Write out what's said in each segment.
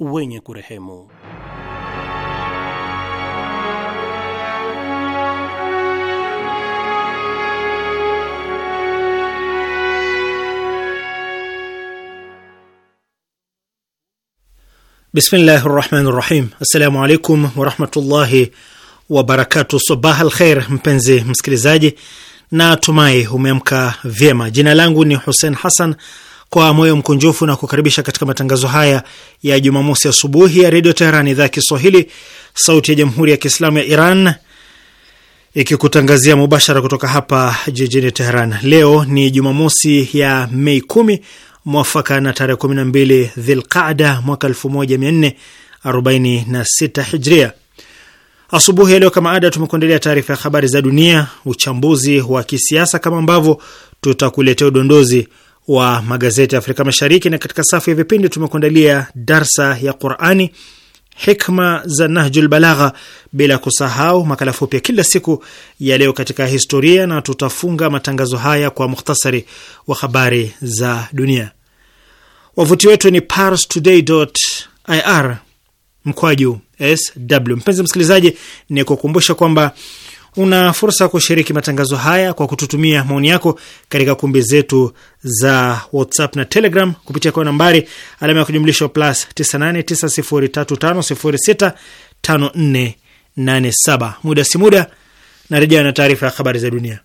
wenye kurehemu. Bismillahi rahmani rahim. Assalamu alaikum warahmatullahi wabarakatu. Sabah al mpenzi msikilizaji, na tumai umeamka vyema. Jina langu ni Hussein Hassan kwa moyo mkunjufu na kukaribisha katika matangazo haya ya Jumamosi asubuhi ya redio Teheran, idhaa ya Kiswahili, sauti ya jamhuri ya kiislamu ya Iran, ikikutangazia mubashara kutoka hapa jijini Teheran. Leo ni Jumamosi ya Mei kumi mwafaka na tarehe 12 Dhilqada mwaka 1446 Hijria. Asubuhi ya leo kama ada, tumekuandalia taarifa ya habari za dunia, uchambuzi wa kisiasa, kama ambavyo tutakuletea udondozi wa magazeti ya Afrika Mashariki, na katika safu ya vipindi tumekuandalia darsa ya Qurani, hikma za Nahjul Balagha, bila kusahau makala fupi ya kila siku ya leo katika historia, na tutafunga matangazo haya kwa mukhtasari wa habari za dunia. Wavuti wetu ni parstoday.ir mkwaju sw. Mpenzi msikilizaji, ni kukumbusha kwamba Una fursa ya kushiriki matangazo haya kwa kututumia maoni yako katika kumbi zetu za WhatsApp na Telegram kupitia kwa nambari alama ya kujumlisha plus 989035065487. Muda si muda narejea na taarifa ya habari za dunia.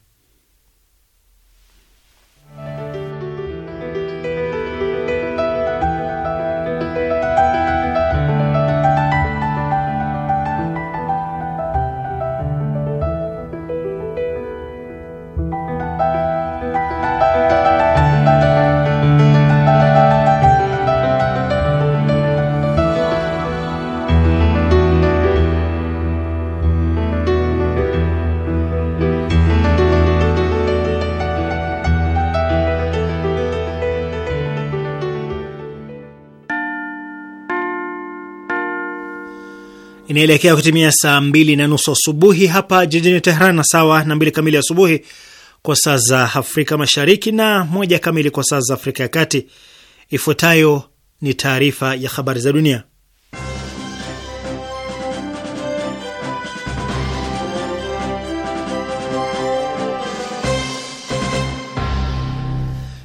inaelekea kutimia saa mbili na nusu asubuhi hapa jijini Tehran, na sawa na mbili kamili asubuhi kwa saa za Afrika Mashariki na moja kamili kwa saa za Afrika ya Kati. Ifuatayo ni taarifa ya habari za dunia,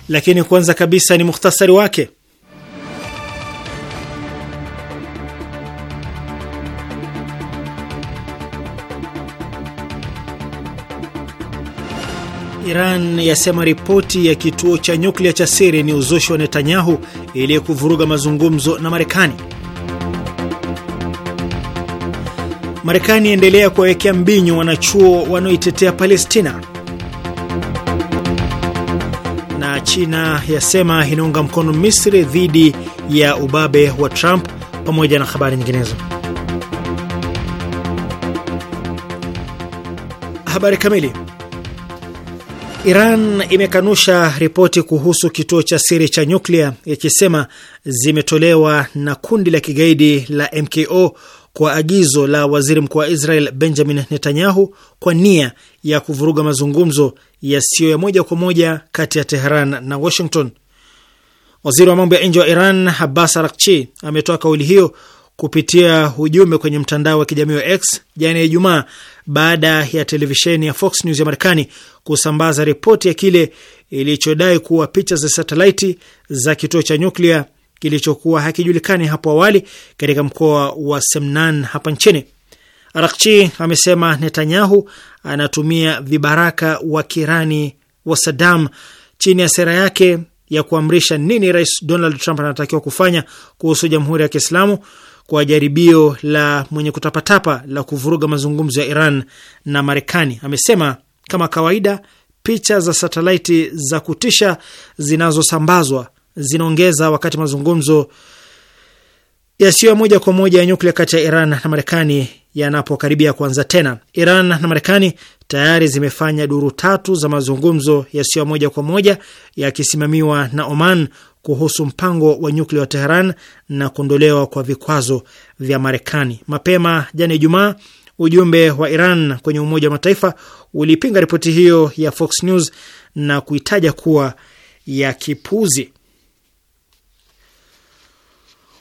lakini kwanza kabisa ni muhtasari wake. Iran yasema ripoti ya kituo cha nyuklia cha siri ni uzushi wa Netanyahu ili kuvuruga mazungumzo na Marekani. Marekani yaendelea kuwawekea mbinyo wanachuo wanaoitetea Palestina, na China yasema inaunga mkono Misri dhidi ya ubabe wa Trump, pamoja na habari nyinginezo. Habari kamili Iran imekanusha ripoti kuhusu kituo cha siri cha nyuklia ikisema zimetolewa na kundi la kigaidi la MKO kwa agizo la waziri mkuu wa Israel Benjamin Netanyahu kwa nia ya kuvuruga mazungumzo yasiyo ya moja kwa moja kati ya Teheran na Washington. Waziri wa mambo ya nje wa Iran Abbas arakchi ametoa kauli hiyo kupitia ujumbe kwenye mtandao wa kijamii wa X jana ya Ijumaa baada ya televisheni ya Fox News ya Marekani kusambaza ripoti ya kile ilichodai kuwa picha za satelaiti za kituo cha nyuklia kilichokuwa hakijulikani hapo awali katika mkoa wa Semnan hapa nchini. Arakchi amesema Netanyahu anatumia vibaraka wa kirani wa Sadam chini ya sera yake ya kuamrisha nini Rais Donald Trump anatakiwa kufanya kuhusu Jamhuri ya Kiislamu kwa jaribio la mwenye kutapatapa la kuvuruga mazungumzo ya Iran na Marekani. Amesema kama kawaida, picha za satelaiti za kutisha zinazosambazwa zinaongeza wakati mazungumzo yasiyo ya moja kwa moja ya nyuklia kati ya Iran na Marekani yanapokaribia kuanza tena. Iran na Marekani tayari zimefanya duru tatu za mazungumzo yasiyo ya moja kwa moja yakisimamiwa na Oman kuhusu mpango wa nyuklia wa Teheran na kuondolewa kwa vikwazo vya Marekani. Mapema jana Ijumaa, ujumbe wa Iran kwenye Umoja wa Mataifa ulipinga ripoti hiyo ya Fox News na kuitaja kuwa ya kipuzi.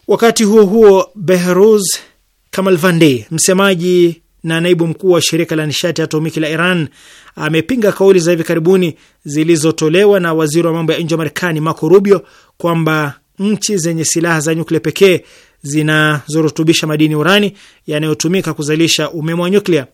Wakati huo huo, Behruz Kamalvandi, msemaji na naibu mkuu wa shirika la nishati ya atomiki la Iran amepinga kauli za hivi karibuni zilizotolewa na waziri wa mambo ya nje wa Marekani Marco Rubio kwamba nchi zenye silaha za nyuklia pekee zinazorutubisha madini urani yanayotumika kuzalisha umeme wa nyuklia.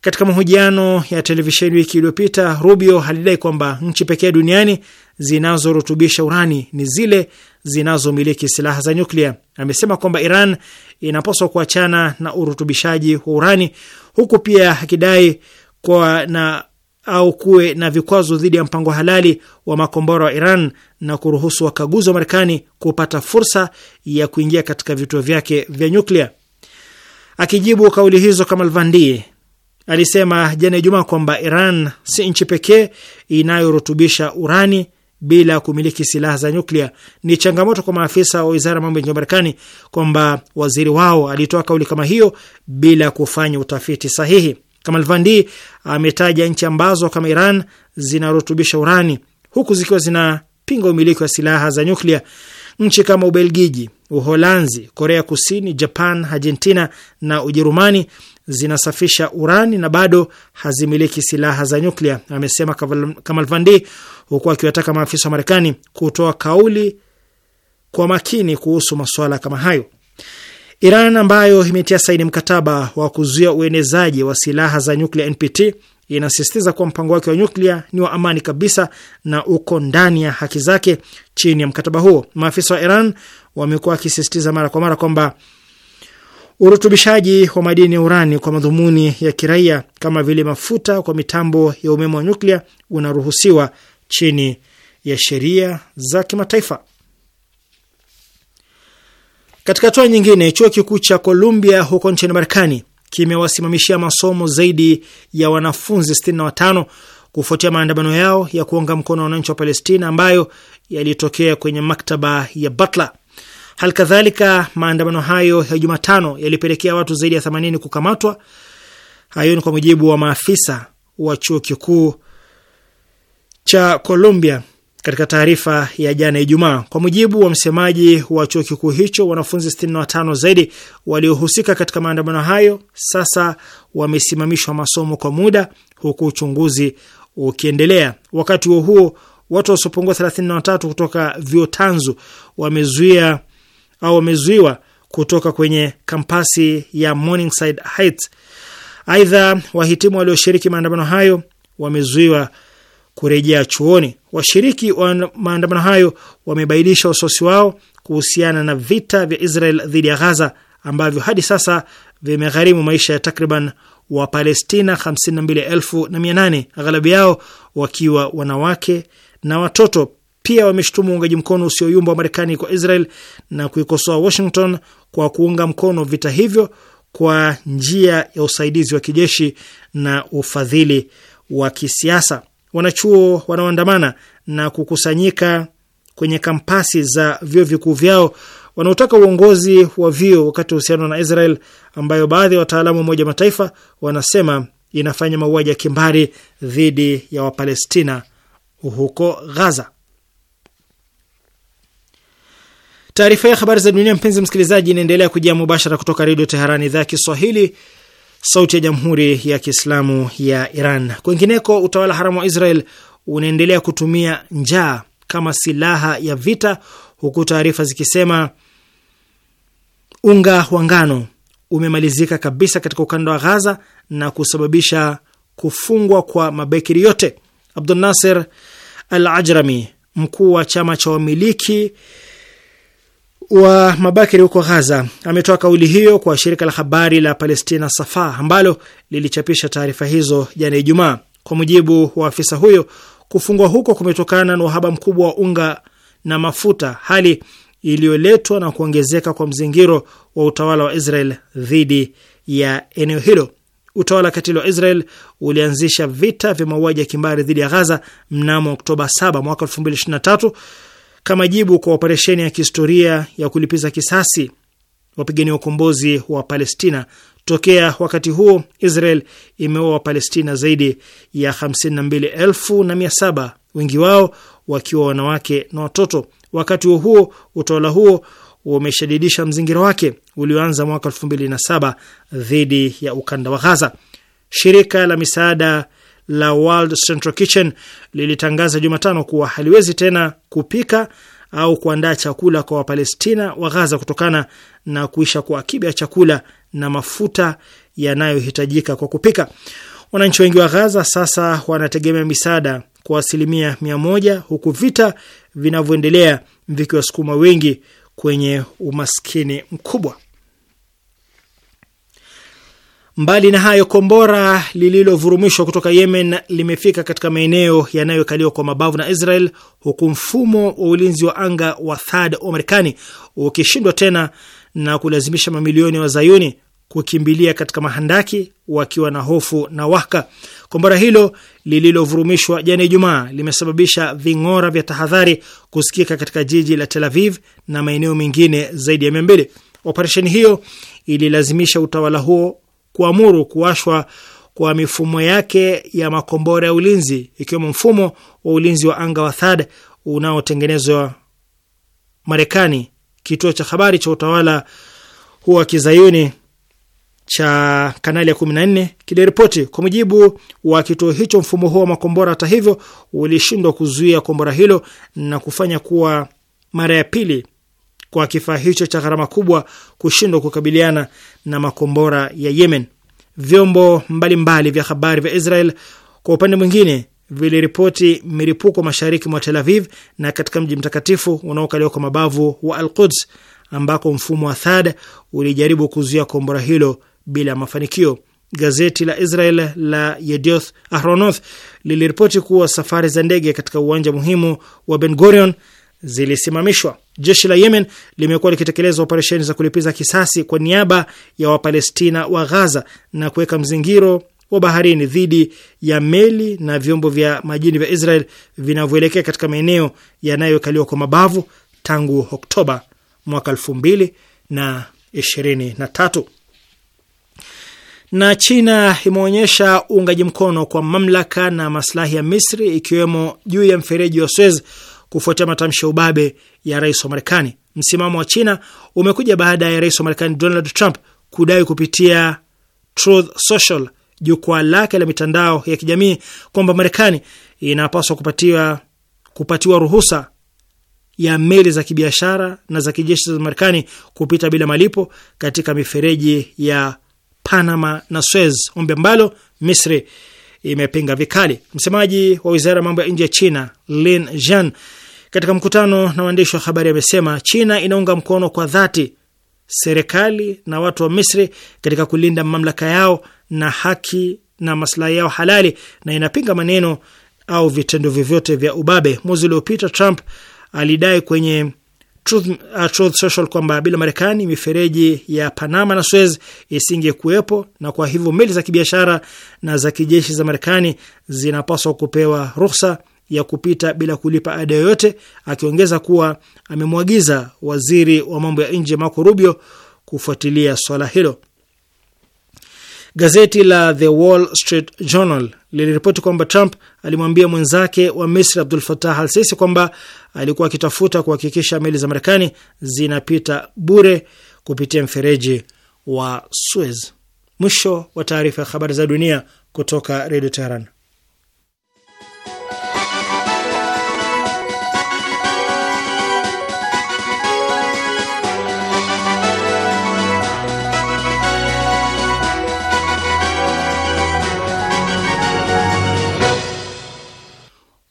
Katika mahojiano ya televisheni wiki iliyopita, Rubio alidai kwamba nchi pekee duniani zinazorutubisha urani ni zile zinazomiliki silaha za nyuklia. Amesema kwamba Iran inapaswa kuachana na urutubishaji wa urani, huku pia akidai kwa na au kuwe na vikwazo dhidi ya mpango halali wa makombora wa Iran na kuruhusu wakaguzi wa Marekani kupata fursa ya kuingia katika vituo vyake vya nyuklia. Akijibu kauli hizo, Kamal Vandi alisema jana Ijumaa kwamba Iran si nchi pekee inayorutubisha urani bila kumiliki silaha za nyuklia. Ni changamoto kwa maafisa wa wizara ya mambo ya nje ya Marekani kwamba waziri wao alitoa kauli kama hiyo bila kufanya utafiti sahihi. Kamal Vandi ametaja nchi ambazo kama Iran zinarutubisha urani huku zikiwa zinapinga umiliki wa silaha za nyuklia. Nchi kama Ubelgiji, Uholanzi, Korea Kusini, Japan, Argentina na Ujerumani zinasafisha urani na bado hazimiliki silaha za nyuklia, amesema Kamal Vandi, huku akiwataka maafisa wa Marekani kutoa kauli kwa makini kuhusu masuala kama hayo. Iran ambayo imetia saini mkataba wa kuzuia uenezaji wa silaha za nyuklia NPT inasisitiza kuwa mpango wake wa nyuklia ni wa amani kabisa na uko ndani ya haki zake chini ya mkataba huo. Maafisa wa Iran wamekuwa wakisisitiza mara kwa mara kwamba urutubishaji wa madini ya urani kwa madhumuni ya kiraia kama vile mafuta kwa mitambo ya umeme wa nyuklia unaruhusiwa chini ya sheria za kimataifa. Katika hatua nyingine, chuo kikuu cha Columbia huko nchini Marekani kimewasimamishia masomo zaidi ya wanafunzi 65 kufuatia maandamano yao ya kuunga mkono wananchi wa Palestina ambayo yalitokea kwenye maktaba ya Butler. Hali kadhalika maandamano hayo ya Jumatano yalipelekea watu zaidi ya 80 kukamatwa. Hayo ni kwa mujibu wa maafisa wa chuo kikuu cha Columbia katika taarifa ya jana Ijumaa. Kwa mujibu wa msemaji wa chuo kikuu hicho, wanafunzi 65 zaidi waliohusika katika maandamano hayo sasa wamesimamishwa masomo kwa muda, huku uchunguzi ukiendelea. Wakati huo huo, watu wasiopungua 33 kutoka vyuo tanzu wamezuia au wamezuiwa kutoka kwenye kampasi ya Morningside Heights. Aidha, wahitimu walioshiriki maandamano hayo wamezuiwa kurejea chuoni. Washiriki wa maandamano hayo wamebainisha wasiwasi wao kuhusiana na vita vya Israel dhidi ya Ghaza ambavyo hadi sasa vimegharimu maisha ya takriban Wapalestina 52,800 aghalabu yao wakiwa wanawake na watoto. Pia wameshutumu uungaji mkono usioyumba wa Marekani kwa Israel na kuikosoa Washington kwa kuunga mkono vita hivyo kwa njia ya usaidizi wa kijeshi na ufadhili wa kisiasa wanachuo wanaoandamana na kukusanyika kwenye kampasi za vyuo vikuu vyao wanaotaka uongozi wa vyuo wakati wa uhusiano na Israel ambayo baadhi ya wataalamu wa Umoja Mataifa wanasema inafanya mauaji ya kimbari dhidi ya Wapalestina huko Gaza. Taarifa ya habari za dunia, mpenzi msikilizaji, inaendelea kujia mubashara kutoka Redio Teherani, idhaa ya Kiswahili, sauti ya jamhuri ya Kiislamu ya Iran. Kwingineko, utawala haramu wa Israel unaendelea kutumia njaa kama silaha ya vita, huku taarifa zikisema unga wa ngano umemalizika kabisa katika ukanda wa Ghaza na kusababisha kufungwa kwa mabekiri yote. Abdunaser Al Ajrami, mkuu wa chama cha wamiliki wa mabakiri huko Ghaza ametoa kauli hiyo kwa shirika la habari la Palestina Safa ambalo lilichapisha taarifa hizo jana Ijumaa. Kwa mujibu wa afisa huyo, kufungwa huko kumetokana na uhaba mkubwa wa unga na mafuta, hali iliyoletwa na kuongezeka kwa mzingiro wa utawala wa Israel dhidi ya eneo hilo. Utawala katili wa Israel ulianzisha vita vya mauaji ya kimbari dhidi ya Ghaza mnamo Oktoba 7 mwaka 2023 kama jibu kwa operesheni ya kihistoria ya kulipiza kisasi wapigania ukombozi wa Palestina. Tokea wakati huo Israel imeua Wapalestina zaidi ya 52,700 wengi wao wakiwa wanawake na watoto. Wakati huo huo, utawala huo umeshadidisha mzingira wake ulioanza mwaka 2007 dhidi ya ukanda wa ghaza Shirika la misaada la World Central Kitchen lilitangaza Jumatano kuwa haliwezi tena kupika au kuandaa chakula kwa Wapalestina wa Gaza kutokana na kuisha kwa akiba ya chakula na mafuta yanayohitajika kwa kupika. Wananchi wengi wa Gaza sasa wanategemea misaada kwa asilimia mia moja huku vita vinavyoendelea vikiwasukuma wengi kwenye umaskini mkubwa. Mbali na hayo, kombora lililovurumishwa kutoka Yemen limefika katika maeneo yanayokaliwa kwa mabavu na Israel, huku mfumo wa ulinzi wa anga wa THAD wa Marekani ukishindwa tena na kulazimisha mamilioni ya wa wazayuni kukimbilia katika mahandaki wakiwa na hofu na waka. Kombora hilo lililovurumishwa jana Ijumaa limesababisha ving'ora vya tahadhari kusikika katika jiji la Tel Aviv na maeneo mengine zaidi ya mia mbili. Operesheni hiyo ililazimisha utawala huo kuamuru kuwashwa kwa mifumo yake ya makombora ya ulinzi ikiwemo mfumo wa ulinzi wa anga wa THAD unaotengenezwa Marekani. Kituo cha habari cha utawala huo wa kizayuni cha kanali ya 14 kiliripoti. Kwa mujibu wa kituo hicho, mfumo huo wa makombora hata hivyo ulishindwa kuzuia kombora hilo na kufanya kuwa mara ya pili kwa kifaa hicho cha gharama kubwa kushindwa kukabiliana na makombora ya Yemen. Vyombo mbalimbali vya habari vya Israel kwa upande mwingine viliripoti milipuko mashariki mwa Tel Aviv na katika mji mtakatifu unaokaliwa kwa mabavu wa Al Quds, ambako mfumo wa Thad ulijaribu kuzuia kombora hilo bila mafanikio. Gazeti la Israel la Yedioth Ahronoth liliripoti kuwa safari za ndege katika uwanja muhimu wa Ben Gurion zilisimamishwa. Jeshi la Yemen limekuwa likitekeleza operesheni za kulipiza kisasi kwa niaba ya Wapalestina wa Ghaza na kuweka mzingiro wa baharini dhidi ya meli na vyombo vya majini vya Israel vinavyoelekea katika maeneo yanayokaliwa kwa mabavu tangu Oktoba mwaka elfu mbili na ishirini na tatu. Na China imeonyesha uungaji mkono kwa mamlaka na maslahi ya Misri ikiwemo juu ya mfereji wa Suez kufuatia matamshi ya ubabe ya rais wa Marekani. Msimamo wa China umekuja baada ya rais wa Marekani Donald Trump kudai kupitia Truth Social, jukwaa lake la mitandao ya kijamii, kwamba Marekani inapaswa kupatiwa, kupatiwa ruhusa ya meli za kibiashara na za kijeshi za Marekani kupita bila malipo katika mifereji ya Panama na Suez, ombi ambalo Misri imepinga vikali. Msemaji wa wizara ya mambo ya nje ya China Lin Jian katika mkutano na waandishi wa habari amesema China inaunga mkono kwa dhati serikali na watu wa Misri katika kulinda mamlaka yao na haki na maslahi yao halali na inapinga maneno au vitendo vyovyote vya ubabe. Mwezi uliopita Trump alidai kwenye Truth, uh, Truth Social kwamba bila Marekani mifereji ya Panama na Suez isingekuwepo na kwa hivyo meli za kibiashara na za kijeshi za Marekani zinapaswa kupewa ruhusa ya kupita bila kulipa ada yoyote, akiongeza kuwa amemwagiza waziri wa mambo ya nje Marco Rubio kufuatilia swala hilo. Gazeti la The Wall Street Journal liliripoti kwamba Trump alimwambia mwenzake wa Misri Abdul Fattah Al Sisi kwamba alikuwa akitafuta kuhakikisha meli za Marekani zinapita bure kupitia mfereji wa Suez. Mwisho wa taarifa ya habari za dunia kutoka Redio Teheran.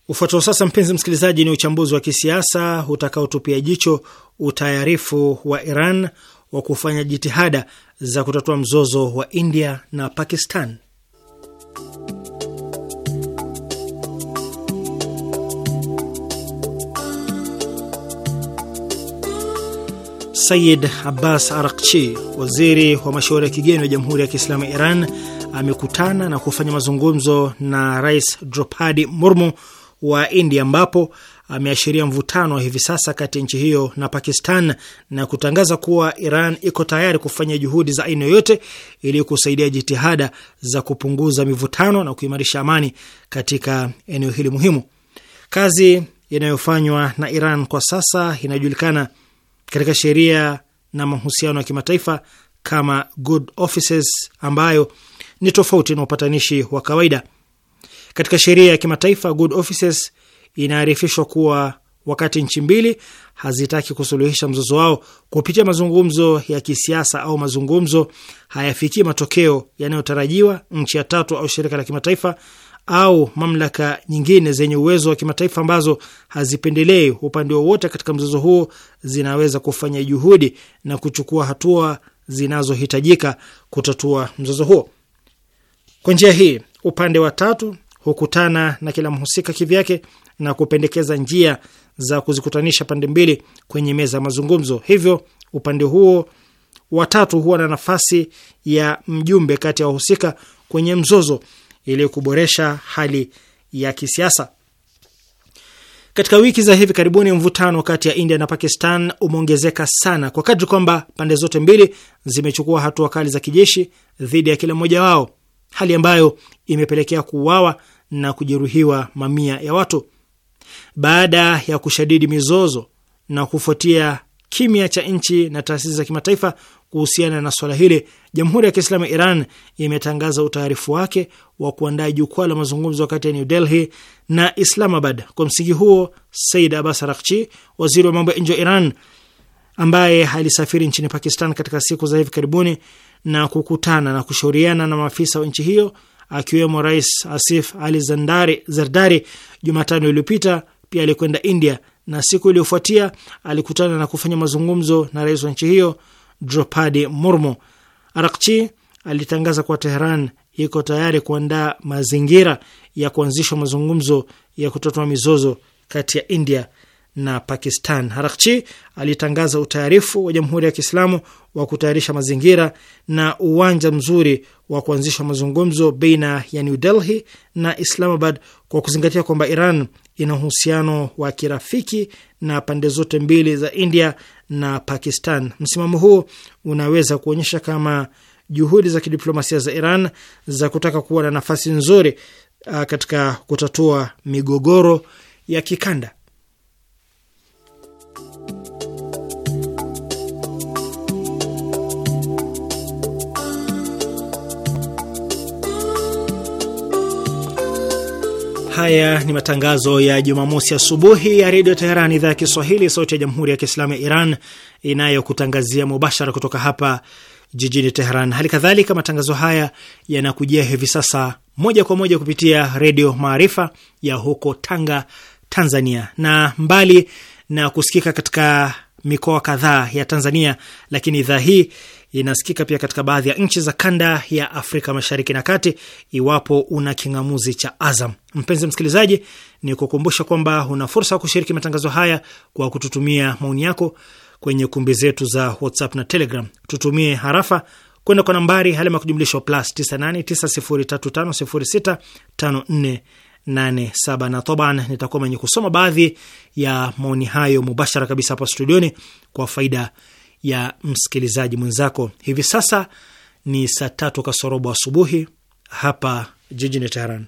Ufuatao sasa, mpenzi msikilizaji, ni uchambuzi wa kisiasa utakaotupia jicho utayarifu wa Iran wa kufanya jitihada za kutatua mzozo wa India na Pakistan. Sayid Abbas Arakchi, waziri wa mashauri ya kigeni wa Jamhuri ya Kiislamu ya Iran, amekutana na kufanya mazungumzo na Rais Dropadi Murmu wa India, ambapo ameashiria mvutano wa hivi sasa kati ya nchi hiyo na Pakistan na kutangaza kuwa Iran iko tayari kufanya juhudi za aina yoyote ili kusaidia jitihada za kupunguza mivutano na kuimarisha amani katika eneo hili muhimu. Kazi inayofanywa na Iran kwa sasa inajulikana katika sheria na mahusiano ya kimataifa kama good offices, ambayo ni tofauti na upatanishi wa kawaida. Katika sheria ya kimataifa, good offices inaarifishwa kuwa wakati nchi mbili hazitaki kusuluhisha mzozo wao kupitia mazungumzo ya kisiasa au mazungumzo hayafikii matokeo yanayotarajiwa, nchi ya tatu au shirika la kimataifa au mamlaka nyingine zenye uwezo wa kimataifa ambazo hazipendelei upande wowote katika mzozo huo zinaweza kufanya juhudi na kuchukua hatua zinazohitajika kutatua mzozo huo. Kwa njia hii, upande wa tatu hukutana na kila mhusika kivyake na kupendekeza njia za kuzikutanisha pande mbili kwenye meza ya mazungumzo. Hivyo upande huo watatu huwa na nafasi ya mjumbe kati ya wahusika kwenye mzozo ili kuboresha hali ya kisiasa. Katika wiki za hivi karibuni, mvutano kati ya India na Pakistan umeongezeka sana kwa kadri kwamba pande zote mbili zimechukua hatua kali za kijeshi dhidi ya kila mmoja wao hali ambayo imepelekea kuuawa na kujeruhiwa mamia ya watu. Baada ya kushadidi mizozo na kufuatia kimya cha nchi na taasisi za kimataifa kuhusiana na swala hili, Jamhuri ya Kiislamu ya Iran imetangaza utaarifu wake wa kuandaa jukwaa la mazungumzo kati ya New Delhi na Islamabad. Kwa msingi huo, Said Abbas Araghchi, waziri wa mambo ya nje wa Iran, ambaye alisafiri nchini Pakistan katika siku za hivi karibuni na kukutana na kushauriana na maafisa wa nchi hiyo akiwemo Rais Asif Ali Zandari, Zardari Jumatano iliyopita. Pia alikwenda India na siku iliyofuatia alikutana na kufanya mazungumzo na rais wa nchi hiyo Dropadi Murmu. Arakchi alitangaza kuwa Teheran iko tayari kuandaa mazingira ya kuanzishwa mazungumzo ya kutatua mizozo kati ya India na Pakistan. Harakchi alitangaza utayarifu wa Jamhuri ya Kiislamu wa kutayarisha mazingira na uwanja mzuri wa kuanzisha mazungumzo baina ya New Delhi na Islamabad kwa kuzingatia kwamba Iran ina uhusiano wa kirafiki na pande zote mbili za India na Pakistan. Msimamo huu unaweza kuonyesha kama juhudi za kidiplomasia za Iran za kutaka kuwa na nafasi nzuri uh, katika kutatua migogoro ya kikanda. Haya ni matangazo ya Jumamosi asubuhi ya redio Teheran, idhaa ya Kiswahili, sauti ya jamhuri ya kiislamu ya Iran, inayokutangazia mubashara kutoka hapa jijini Teheran. Hali kadhalika matangazo haya yanakujia hivi sasa moja kwa moja kupitia redio Maarifa ya huko Tanga, Tanzania, na mbali na kusikika katika mikoa kadhaa ya Tanzania, lakini idhaa hii inasikika pia katika baadhi ya nchi za kanda ya Afrika Mashariki na Kati, iwapo una king'amuzi cha Azam. Mpenzi msikilizaji, ni kukumbusha kwamba una fursa ya kushiriki matangazo haya kwa kututumia maoni yako kwenye kumbi zetu za WhatsApp na Telegram. Tutumie harafa kwenda kwa nambari alama ya kujumlisha plus 9890350654 na taban, nitakuwa mwenye kusoma baadhi ya maoni hayo mubashara kabisa hapa studioni kwa faida ya msikilizaji mwenzako. Hivi sasa ni saa tatu kasorobo asubuhi hapa jijini Teheran.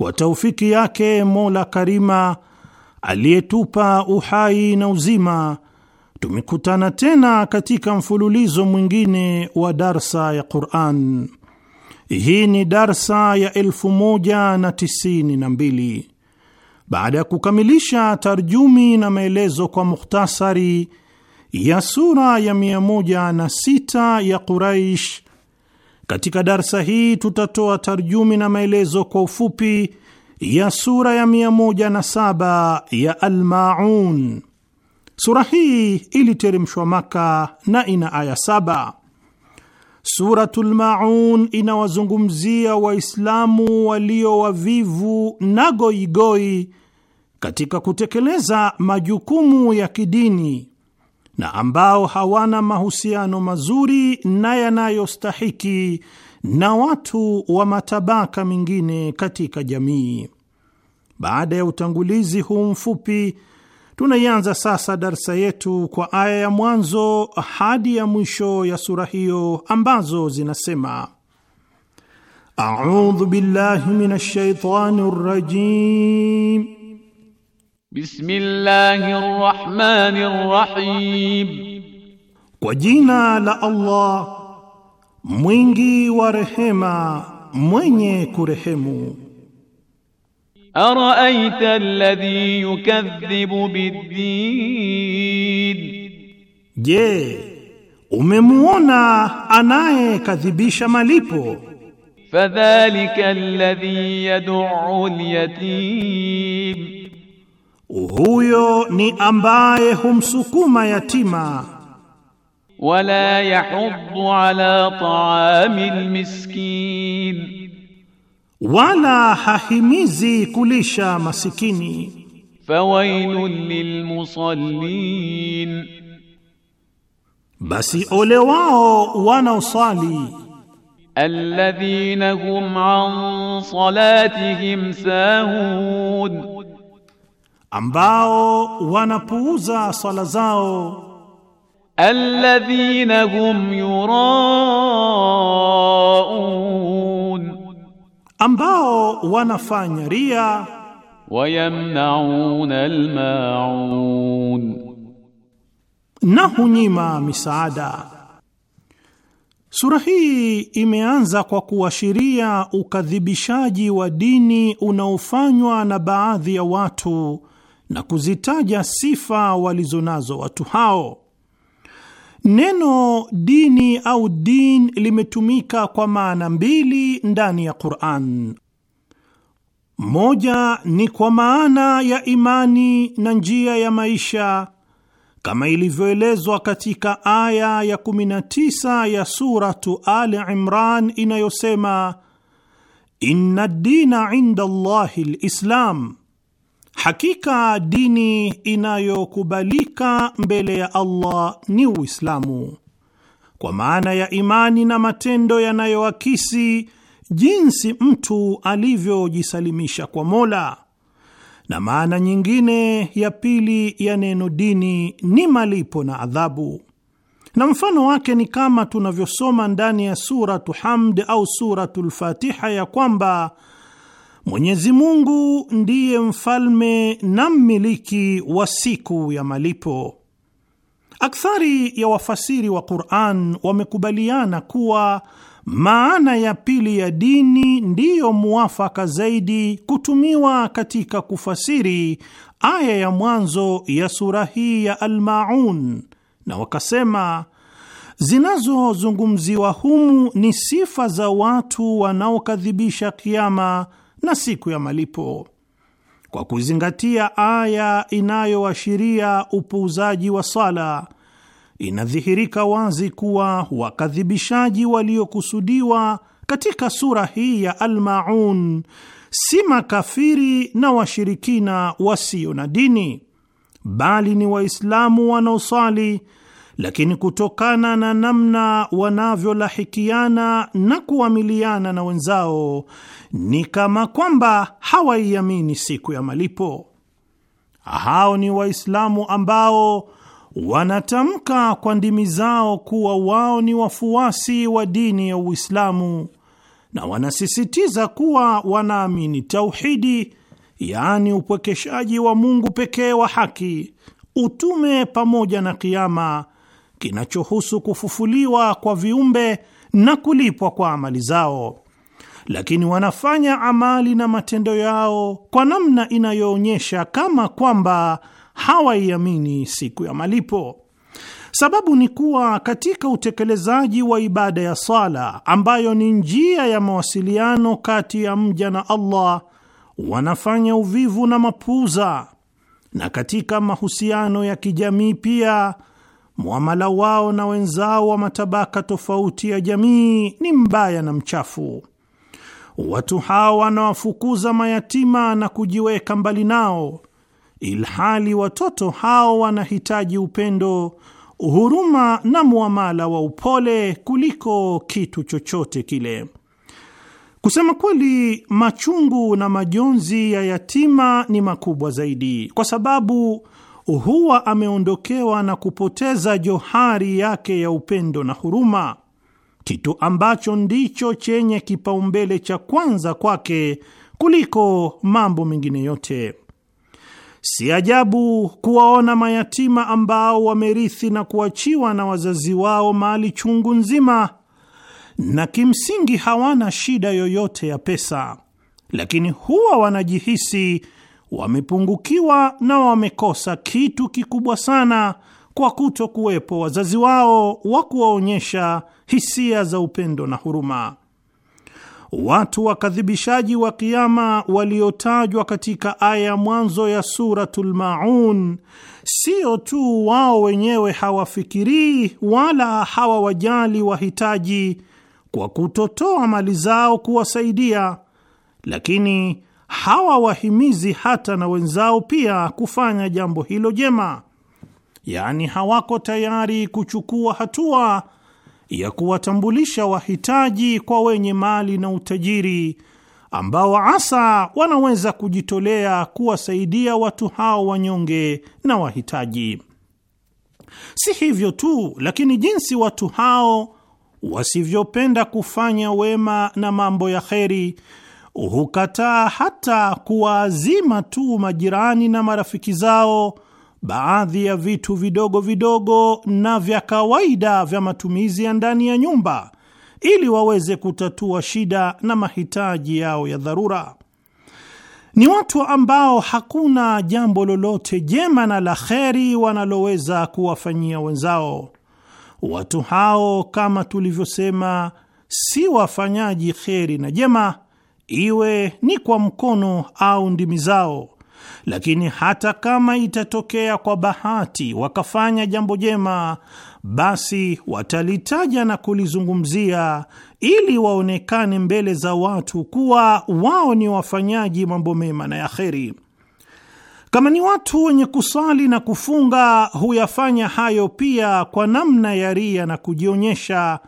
kwa taufiki yake Mola Karima aliyetupa uhai na uzima, tumekutana tena katika mfululizo mwingine wa darsa ya Qur'an. Hii ni darsa ya elfu moja na tisini na mbili baada ya kukamilisha tarjumi na maelezo kwa mukhtasari ya sura ya mia moja na sita ya Quraish katika darsa hii tutatoa tarjumi na maelezo kwa ufupi ya sura ya 107 ya Almaun. Sura hii iliteremshwa Maka na ina aya saba. Suratul Maun inawazungumzia Waislamu walio wavivu na goigoi katika kutekeleza majukumu ya kidini na ambao hawana mahusiano mazuri na yanayostahiki na watu wa matabaka mengine katika jamii. Baada ya utangulizi huu mfupi, tunaianza sasa darsa yetu kwa aya ya mwanzo hadi ya mwisho ya sura hiyo ambazo zinasema: audhu billahi minash shaitani rajim بسم الله الرحمن الرحيم وجينا لا الله مينجي ورحمة مني كرحم أرأيت الذي يكذب بالدين جي أممونا أنا كذبش مالipo فذلك الذي يدعو اليتيم huyo ni ambaye humsukuma yatima. Wala yahuddu ala taamil miskin, wala hahimizi kulisha masikini. Fawailun lilmusallin, basi ole wao wanaosali. Alladhina hum an salatihim sahun ambao wanapuuza sala zao. Alladhina hum yuraun, ambao wanafanya ria. Wayamnaun almaun, na hunyima misaada. Sura hii imeanza kwa kuashiria ukadhibishaji wa dini unaofanywa na baadhi ya watu na kuzitaja sifa walizonazo watu hao. Neno dini au din limetumika kwa maana mbili ndani ya Qur'an. Moja ni kwa maana ya imani na njia ya maisha kama ilivyoelezwa katika aya ya 19 ya suratu Ali Imran inayosema, inna dina inda Allahi lislam Hakika dini inayokubalika mbele ya Allah ni Uislamu, kwa maana ya imani na matendo yanayoakisi jinsi mtu alivyojisalimisha kwa Mola. Na maana nyingine ya pili ya neno dini ni malipo na adhabu, na mfano wake ni kama tunavyosoma ndani ya Suratu Hamd au Suratu Lfatiha ya kwamba Mwenyezi Mungu ndiye mfalme na mmiliki wa siku ya malipo. Akthari ya wafasiri wa Qur'an wamekubaliana kuwa maana ya pili ya dini ndiyo muafaka zaidi kutumiwa katika kufasiri aya ya mwanzo ya sura hii ya Al-Maun, na wakasema zinazozungumziwa humu ni sifa za watu wanaokadhibisha kiama na siku ya malipo. Kwa kuzingatia aya inayoashiria upuuzaji wa sala, inadhihirika wazi kuwa wakadhibishaji waliokusudiwa katika sura hii ya Almaun si makafiri na washirikina wasio na dini, bali ni Waislamu wanaosali lakini kutokana na namna wanavyolahikiana na kuamiliana na wenzao ni kama kwamba hawaiamini siku ya malipo. Hao ni Waislamu ambao wanatamka kwa ndimi zao kuwa wao ni wafuasi wa dini ya Uislamu na wanasisitiza kuwa wanaamini tauhidi, yaani upwekeshaji wa Mungu pekee wa haki, utume pamoja na kiama kinachohusu kufufuliwa kwa viumbe na kulipwa kwa amali zao, lakini wanafanya amali na matendo yao kwa namna inayoonyesha kama kwamba hawaiamini siku ya malipo. Sababu ni kuwa katika utekelezaji wa ibada ya sala, ambayo ni njia ya mawasiliano kati ya mja na Allah, wanafanya uvivu na mapuuza, na katika mahusiano ya kijamii pia muamala wao na wenzao wa matabaka tofauti ya jamii ni mbaya na mchafu. Watu hawa wanawafukuza mayatima na kujiweka mbali nao, ilhali watoto hao wanahitaji upendo, huruma na muamala wa upole kuliko kitu chochote kile. Kusema kweli, machungu na majonzi ya yatima ni makubwa zaidi, kwa sababu huwa ameondokewa na kupoteza johari yake ya upendo na huruma, kitu ambacho ndicho chenye kipaumbele cha kwanza kwake kuliko mambo mengine yote. Si ajabu kuwaona mayatima ambao wamerithi na kuachiwa na wazazi wao mali chungu nzima na kimsingi hawana shida yoyote ya pesa, lakini huwa wanajihisi wamepungukiwa na wamekosa kitu kikubwa sana kwa kuto kuwepo wazazi wao wa kuwaonyesha hisia za upendo na huruma. Watu wakadhibishaji wa kiama waliotajwa katika aya ya mwanzo ya Suratul Maun, sio tu wao wenyewe hawafikirii wala hawawajali wahitaji kwa kutotoa mali zao kuwasaidia, lakini hawawahimizi hata na wenzao pia kufanya jambo hilo jema, yaani hawako tayari kuchukua hatua ya kuwatambulisha wahitaji kwa wenye mali na utajiri ambao asa wanaweza kujitolea kuwasaidia watu hao wanyonge na wahitaji. Si hivyo tu, lakini jinsi watu hao wasivyopenda kufanya wema na mambo ya kheri hukataa hata kuwaazima tu majirani na marafiki zao baadhi ya vitu vidogo vidogo na vya kawaida vya matumizi ya ndani ya nyumba ili waweze kutatua shida na mahitaji yao ya dharura. Ni watu ambao hakuna jambo lolote jema na la kheri wanaloweza kuwafanyia wenzao. Watu hao, kama tulivyosema, si wafanyaji kheri na jema iwe ni kwa mkono au ndimi zao. Lakini hata kama itatokea kwa bahati wakafanya jambo jema, basi watalitaja na kulizungumzia ili waonekane mbele za watu kuwa wao ni wafanyaji mambo mema na ya kheri. Kama ni watu wenye kusali na kufunga, huyafanya hayo pia kwa namna ya ria na kujionyesha,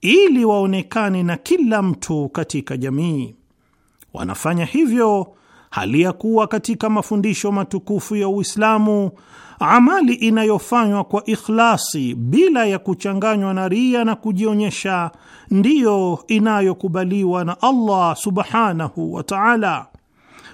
ili waonekane na kila mtu katika jamii. Wanafanya hivyo hali ya kuwa katika mafundisho matukufu ya Uislamu, amali inayofanywa kwa ikhlasi bila ya kuchanganywa na ria na kujionyesha ndiyo inayokubaliwa na Allah subhanahu wa ta'ala.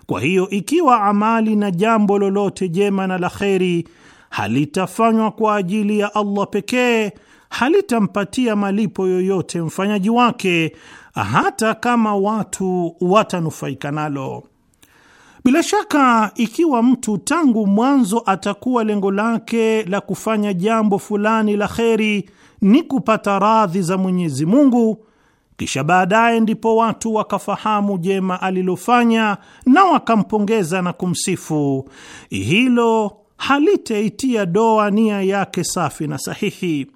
Kwa hiyo ikiwa amali na jambo lolote jema na la kheri halitafanywa kwa ajili ya Allah pekee, halitampatia malipo yoyote mfanyaji wake hata kama watu watanufaika nalo. Bila shaka, ikiwa mtu tangu mwanzo atakuwa lengo lake la kufanya jambo fulani la kheri ni kupata radhi za Mwenyezi Mungu, kisha baadaye ndipo watu wakafahamu jema alilofanya na wakampongeza na kumsifu, hilo halitaitia doa nia yake safi na sahihi,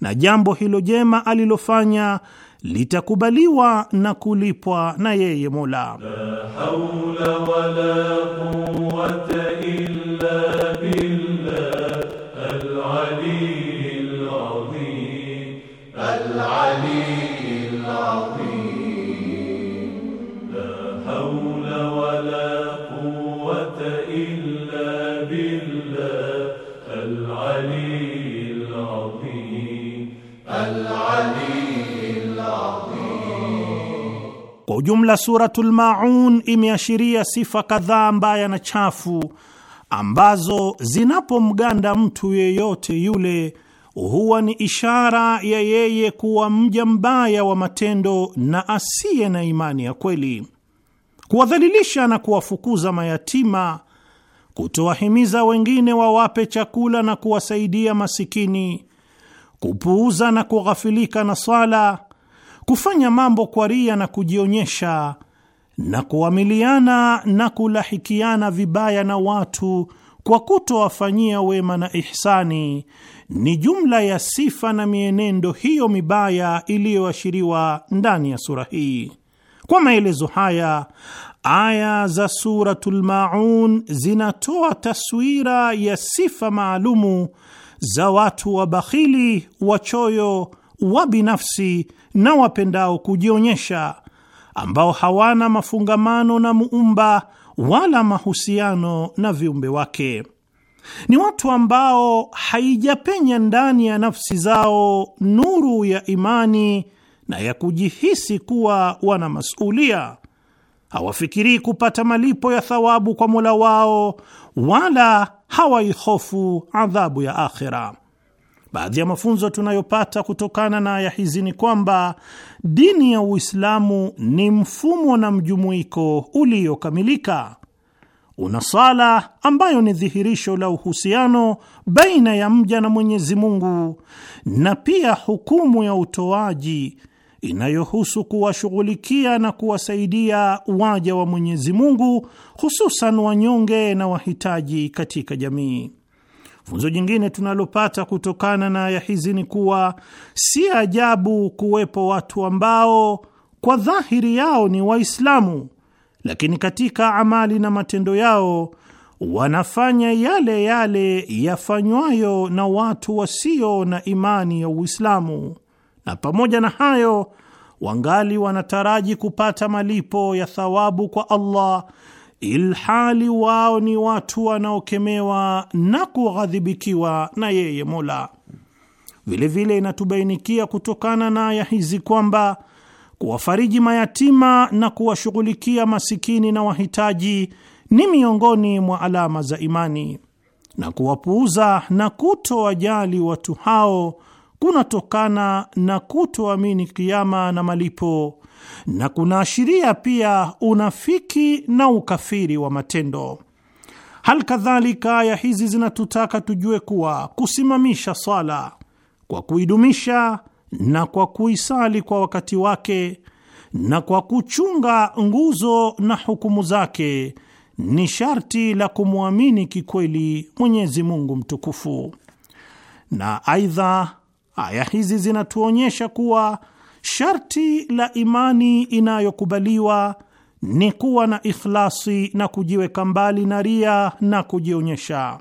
na jambo hilo jema alilofanya litakubaliwa na kulipwa na yeye Mola. ujumla, Suratul Maun imeashiria sifa kadhaa mbaya na chafu ambazo zinapomganda mtu yeyote yule huwa ni ishara ya yeye kuwa mja mbaya wa matendo na asiye na imani ya kweli. Kuwadhalilisha na kuwafukuza mayatima, kutowahimiza wengine wawape chakula na kuwasaidia masikini, kupuuza na kughafilika na swala kufanya mambo kwa ria na kujionyesha na kuamiliana na kulahikiana vibaya na watu kwa kutowafanyia wema na ihsani ni jumla ya sifa na mienendo hiyo mibaya iliyoashiriwa ndani ya sura hii. Kwa maelezo haya, aya za Suratul Maun zinatoa taswira ya sifa maalumu za watu wabakhili, wachoyo, wa binafsi na wapendao kujionyesha, ambao hawana mafungamano na muumba wala mahusiano na viumbe wake. Ni watu ambao haijapenya ndani ya nafsi zao nuru ya imani na ya kujihisi kuwa wana masulia. Hawafikirii kupata malipo ya thawabu kwa Mola wao wala hawaihofu adhabu ya akhera. Baadhi ya mafunzo tunayopata kutokana na aya hizi ni kwamba dini ya Uislamu ni mfumo na mjumuiko uliokamilika. Una sala ambayo ni dhihirisho la uhusiano baina ya mja na Mwenyezi Mungu, na pia hukumu ya utoaji inayohusu kuwashughulikia na kuwasaidia waja wa Mwenyezi Mungu, hususan wanyonge na wahitaji katika jamii. Funzo jingine tunalopata kutokana na aya hizi ni kuwa si ajabu kuwepo watu ambao kwa dhahiri yao ni Waislamu, lakini katika amali na matendo yao wanafanya yale yale yafanywayo na watu wasio na imani ya Uislamu, na pamoja na hayo wangali wanataraji kupata malipo ya thawabu kwa Allah ilhali wao ni watu wanaokemewa na kughadhibikiwa na yeye Mola. Vilevile vile inatubainikia kutokana na aya hizi kwamba kuwafariji mayatima na kuwashughulikia masikini na wahitaji ni miongoni mwa alama za imani, na kuwapuuza na kutowajali watu hao kunatokana na kutoamini kiama na malipo na kunaashiria pia unafiki na ukafiri wa matendo. Hal kadhalika aya hizi zinatutaka tujue kuwa kusimamisha swala kwa kuidumisha na kwa kuisali kwa wakati wake na kwa kuchunga nguzo na hukumu zake ni sharti la kumwamini kikweli Mwenyezi Mungu mtukufu. Na aidha aya hizi zinatuonyesha kuwa Sharti la imani inayokubaliwa ni kuwa na ikhlasi na kujiweka mbali na ria na kujionyesha.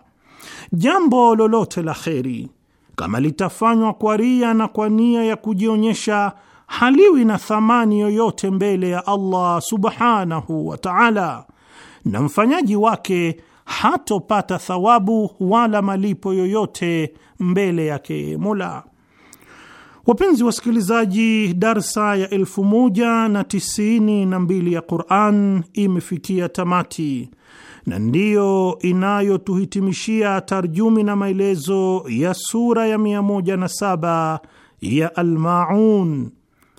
Jambo lolote la kheri kama litafanywa kwa ria na kwa nia ya kujionyesha haliwi na thamani yoyote mbele ya Allah subhanahu wa ta'ala, na mfanyaji wake hatopata thawabu wala malipo yoyote mbele yake Mola. Wapenzi wasikilizaji, darsa ya elfu moja na tisini na mbili ya Quran imefikia tamati na ndiyo inayotuhitimishia tarjumi na maelezo ya sura ya 17 ya Almaun.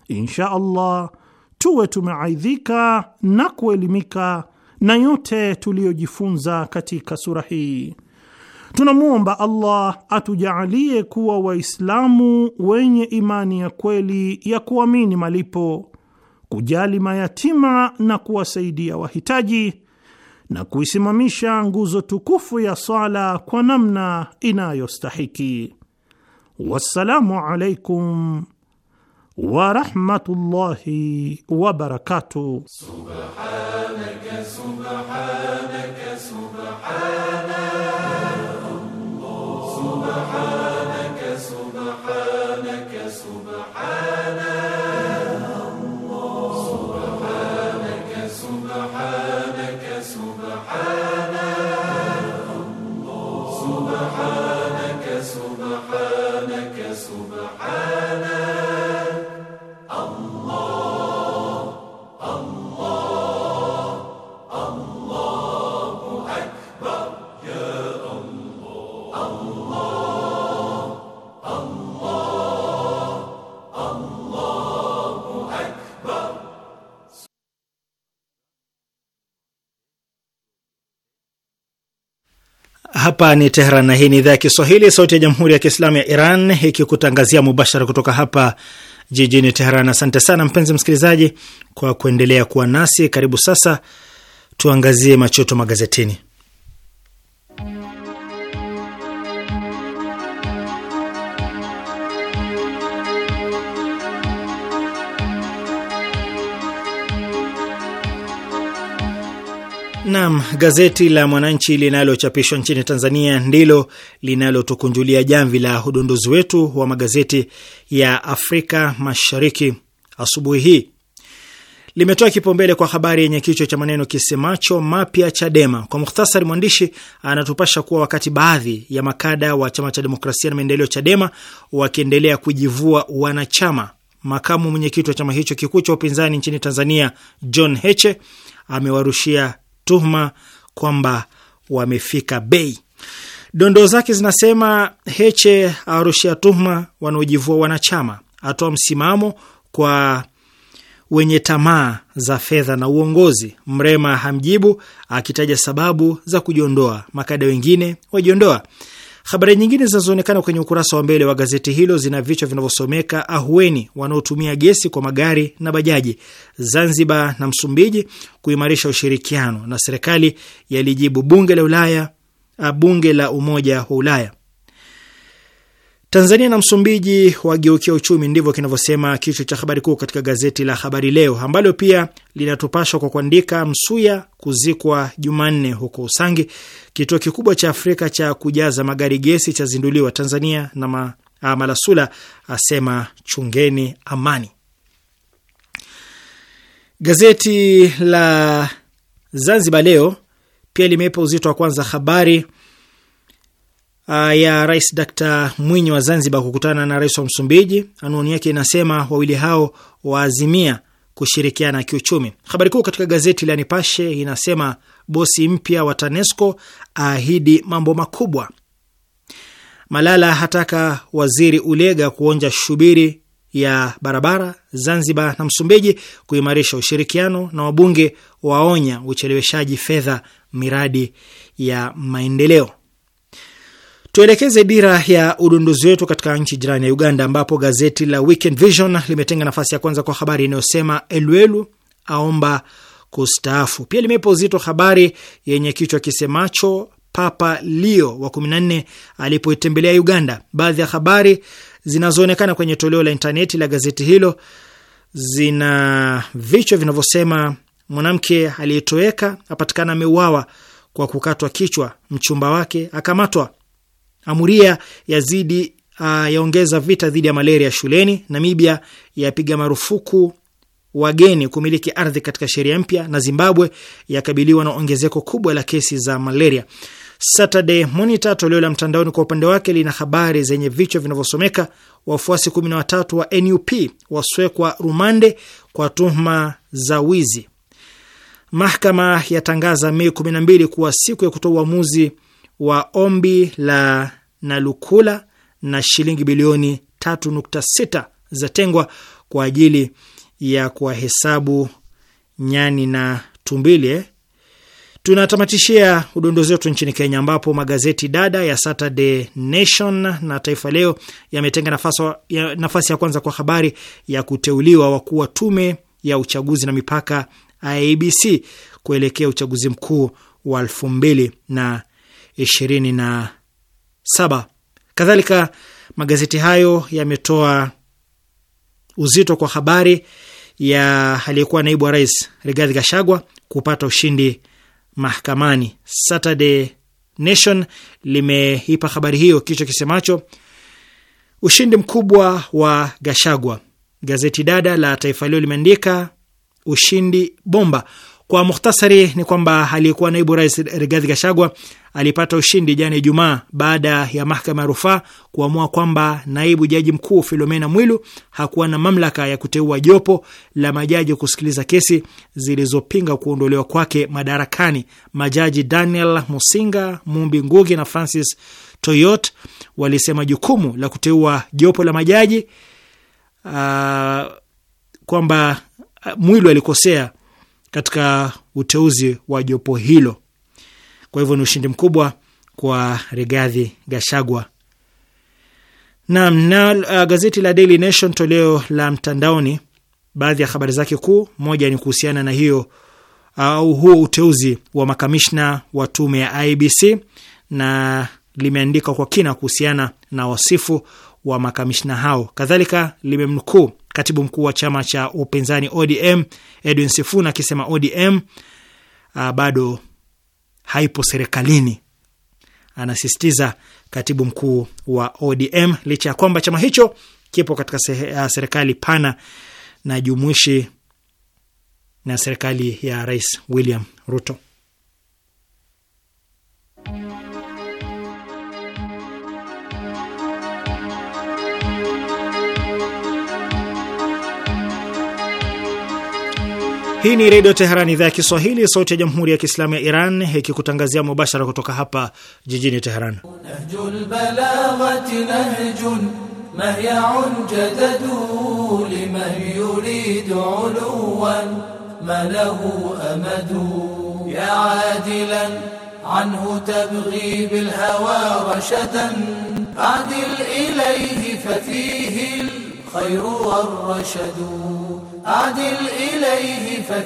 Insha Allah tuwe tumeaidhika na kuelimika na yote tuliyojifunza katika sura hii. Tunamwomba Allah atujaalie kuwa Waislamu wenye imani ya kweli ya kuamini malipo, kujali mayatima na kuwasaidia wahitaji na kuisimamisha nguzo tukufu ya sala kwa namna inayostahiki. Wassalamu alaikum wa rahmatullahi wa barakatuh. Subhanaka subhanaka Hapa ni Tehran na hii ni idhaa ya Kiswahili, sauti ya jamhuri ya kiislamu ya Iran ikikutangazia mubashara kutoka hapa jijini Tehran. Asante sana mpenzi msikilizaji kwa kuendelea kuwa nasi. Karibu sasa tuangazie machoto magazetini. Naam, gazeti la Mwananchi linalochapishwa nchini Tanzania ndilo linalotukunjulia jamvi la udondozi wetu wa magazeti ya Afrika Mashariki asubuhi hii. Limetoa kipaumbele kwa habari yenye kichwa cha maneno kisemacho mapya Chadema. Kwa muhtasari mwandishi anatupasha kuwa wakati baadhi ya makada wa chama cha demokrasia na maendeleo Chadema wakiendelea kujivua wanachama, makamu mwenyekiti wa chama hicho kikuu cha upinzani nchini Tanzania John Heche amewarushia tuhuma kwamba wamefika bei. Dondoo zake zinasema: Heche arushia tuhuma wanaojivua wanachama, atoa msimamo kwa wenye tamaa za fedha na uongozi. Mrema hamjibu akitaja sababu za kujiondoa, makada wengine wajiondoa. Habari nyingine zinazoonekana kwenye ukurasa wa mbele wa gazeti hilo zina vichwa vinavyosomeka ahueni wanaotumia gesi kwa magari na bajaji, Zanzibar na Msumbiji kuimarisha ushirikiano, na serikali yalijibu bunge la Ulaya, bunge la Umoja wa Ulaya. Tanzania na Msumbiji wageukia uchumi, ndivyo kinavyosema kichwa cha habari kuu katika gazeti la Habari Leo, ambalo pia linatupashwa kwa kuandika Msuya kuzikwa Jumanne huko Usangi. Kituo kikubwa cha Afrika cha kujaza magari gesi chazinduliwa Tanzania na ma, a, Malasula asema chungeni amani. Gazeti la Zanzibar Leo pia limeipa uzito wa kwanza habari Ah, ya Rais Dr Mwinyi wa Zanzibar kukutana na rais wa Msumbiji. Anuani yake inasema wawili hao waazimia kushirikiana kiuchumi. Habari kuu katika gazeti la Nipashe inasema bosi mpya wa TANESCO aahidi mambo makubwa. Malala hataka waziri Ulega kuonja shubiri ya barabara Zanzibar na Msumbiji kuimarisha ushirikiano, na wabunge waonya ucheleweshaji fedha miradi ya maendeleo. Tuelekeze dira ya udunduzi wetu katika nchi jirani ya Uganda, ambapo gazeti la Weekend Vision limetenga nafasi ya kwanza kwa habari inayosema Elwelu aomba kustaafu. Pia limeipa uzito habari yenye kichwa kisemacho Papa Leo wa 14 alipoitembelea Uganda. Baadhi ya habari zinazoonekana kwenye toleo la intaneti la gazeti hilo zina vichwa vinavyosema mwanamke aliyetoweka apatikana ameuawa kwa kukatwa kichwa, mchumba wake akamatwa, Amuria yazidi uh, yaongeza vita dhidi ya malaria shuleni. Namibia yapiga marufuku wageni kumiliki ardhi katika sheria mpya, na Zimbabwe yakabiliwa na ongezeko kubwa la kesi za malaria. Saturday Monitor toleo la mtandaoni kwa upande wake lina habari zenye vichwa vinavyosomeka wafuasi 13 wa NUP waswekwa rumande kwa tuhuma za wizi. Mahakama yatangaza Mei 12 kuwa siku ya kutoa uamuzi wa ombi la Nalukula na shilingi bilioni 3.6 zatengwa kwa ajili ya kuwahesabu nyani na tumbili. Tunatamatishia udondozi wetu nchini Kenya, ambapo magazeti dada ya Saturday Nation na Taifa Leo yametenga nafasi, ya, nafasi ya kwanza kwa habari ya kuteuliwa wakuu wa tume ya uchaguzi na mipaka IEBC kuelekea uchaguzi mkuu wa elfu mbili na ishirini na saba. Kadhalika, magazeti hayo yametoa uzito kwa habari ya aliyekuwa naibu wa rais Rigathi Gachagua kupata ushindi mahakamani. Saturday Nation limeipa habari hiyo kichwa kisemacho ushindi mkubwa wa Gachagua. Gazeti dada la Taifa Leo limeandika ushindi bomba kwa muhtasari ni kwamba aliyekuwa naibu rais Rigathi Gachagua alipata ushindi jana Ijumaa baada ya mahakama ya rufaa kuamua kwamba naibu jaji mkuu Filomena Mwilu hakuwa na mamlaka ya kuteua jopo la majaji kusikiliza kesi zilizopinga kuondolewa kwake madarakani. Majaji Daniel Musinga, Mumbi Ngugi na Francis Toyot walisema jukumu la kuteua jopo la majaji uh, kwamba ah, Mwilu alikosea katika uteuzi wa jopo hilo. Kwa hivyo ni ushindi mkubwa kwa Rigathi Gachagua. Naam, na uh, gazeti la Daily Nation toleo la mtandaoni, baadhi ya habari zake kuu, moja ni kuhusiana na hiyo au uh, huo uteuzi wa makamishna wa tume ya IBC na limeandika kwa kina kuhusiana na wasifu wa makamishna hao. Kadhalika limemnukuu katibu mkuu wa chama cha upinzani ODM Edwin Sifuna akisema ODM a, ah, bado haipo serikalini. Anasisitiza katibu mkuu wa ODM licha ya kwamba chama hicho kipo katika ah, serikali pana na jumuishi na serikali ya Rais William Ruto. Hii ni Redio Teheran, idhaa ya Kiswahili, sauti ya Jamhuri ya Kiislamu ya Iran, ikikutangazia mubashara kutoka hapa jijini Teheran.